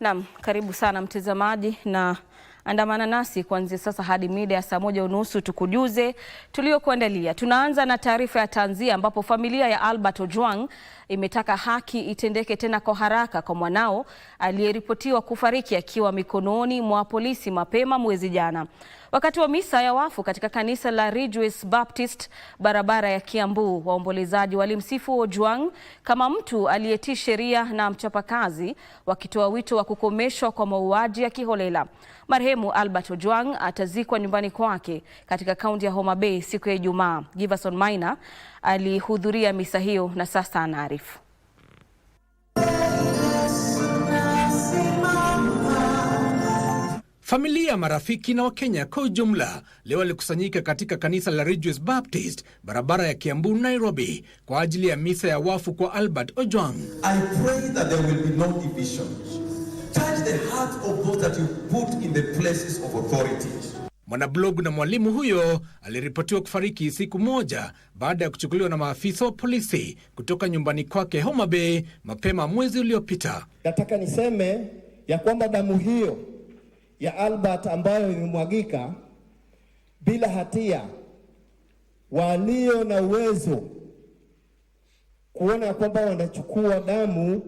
Naam, karibu sana mtazamaji na Andamana nasi kuanzia sasa hadi mida ya saa moja unusu tukujuze tuliokuandalia. Tunaanza na taarifa ya tanzia ambapo familia ya Albert Ojwang imetaka haki itendeke tena kwa haraka kwa mwanao aliyeripotiwa kufariki akiwa mikononi mwa polisi mapema mwezi jana. Wakati wa misa ya wafu katika kanisa la Ridgeways Baptist barabara ya Kiambu, waombolezaji walimsifu Ojwang kama mtu aliyetii sheria na mchapakazi, wakitoa wito wa kukomeshwa kwa mauaji ya kiholela. Marehemu marehemu Albert Ojwang atazikwa nyumbani kwake katika kaunti ya Homa Bay siku ya Ijumaa. Giverson Maina alihudhuria misa hiyo na sasa anaarifu. Familia, marafiki na Wakenya kwa ujumla leo walikusanyika katika kanisa la Ridgeways Baptist, barabara ya Kiambu, Nairobi, kwa ajili ya misa ya wafu kwa Albert Ojwang. I pray that there will be no divisions. Touch the heart of those that you put in the places of authority. Mwanablogu na mwalimu huyo aliripotiwa kufariki siku moja baada ya kuchukuliwa na maafisa wa polisi kutoka nyumbani kwake Homa Bay mapema mwezi uliopita. Nataka niseme ya kwamba damu hiyo ya Albert ambayo imemwagika bila hatia, walio na uwezo kuona ya kwamba wanachukua damu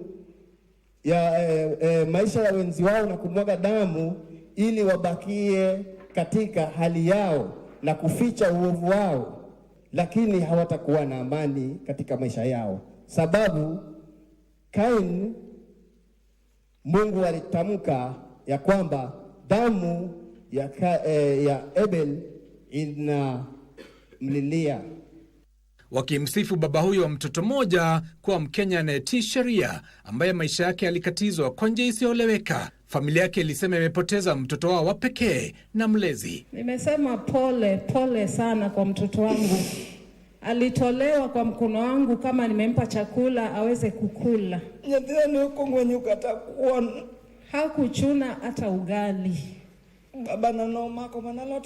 ya eh, eh, maisha ya wenzi wao na kumwaga damu ili wabakie katika hali yao na kuficha uovu wao, lakini hawatakuwa na amani katika maisha yao, sababu Kain, Mungu alitamka ya kwamba damu ya, ka, eh, ya Abel inamlilia wakimsifu baba huyo wa mtoto mmoja kuwa Mkenya anayetii sheria ambaye maisha yake yalikatizwa kwa njia isiyoeleweka. Familia yake ilisema imepoteza mtoto wao wa pekee na mlezi. Nimesema pole pole sana kwa mtoto wangu, alitolewa kwa mkono wangu, kama nimempa chakula aweze kukula. Hakuchuna hata ugali baba nanoma kwa manalo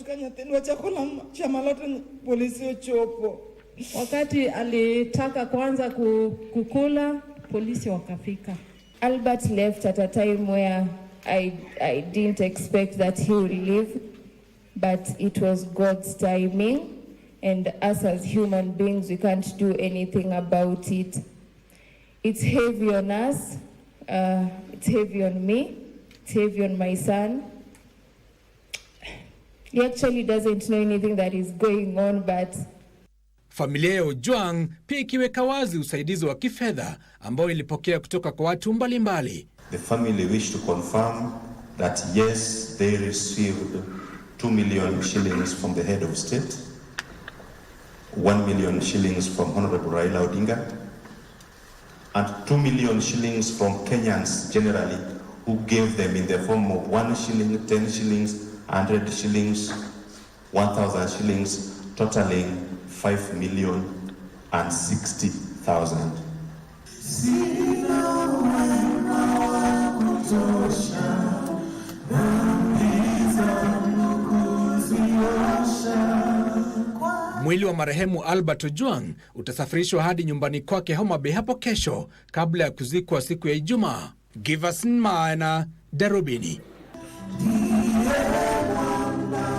chakula cha maloto polisi ochopo Wakati alitaka kukula, polisi wakafika. Albert left at a time where I, I didn't expect that he would leave, but it was God's timing and us as human beings we can't do anything about it. It's heavy on us, uh, it's heavy on me, it's heavy on my son. He actually doesn't know anything that is going on, but Familia ya Ojwang pia ikiweka wazi usaidizi wa kifedha ambao ilipokea kutoka kwa watu mbalimbali. The family wish to confirm that yes, they received 2 million shillings from the head of state, 1 million shillings from Honorable Raila Odinga, and 2 million shillings from Kenyans generally who gave them in the form of 1 shilling, 10 shillings, 100 shillings, 1000 shillings totaling 5 million and 60,000. Mwili wa marehemu Albert Ojwang utasafirishwa hadi nyumbani kwake Homa Bay hapo kesho kabla ya kuzikwa siku ya Ijumaa. Giverson Maina, Darubini.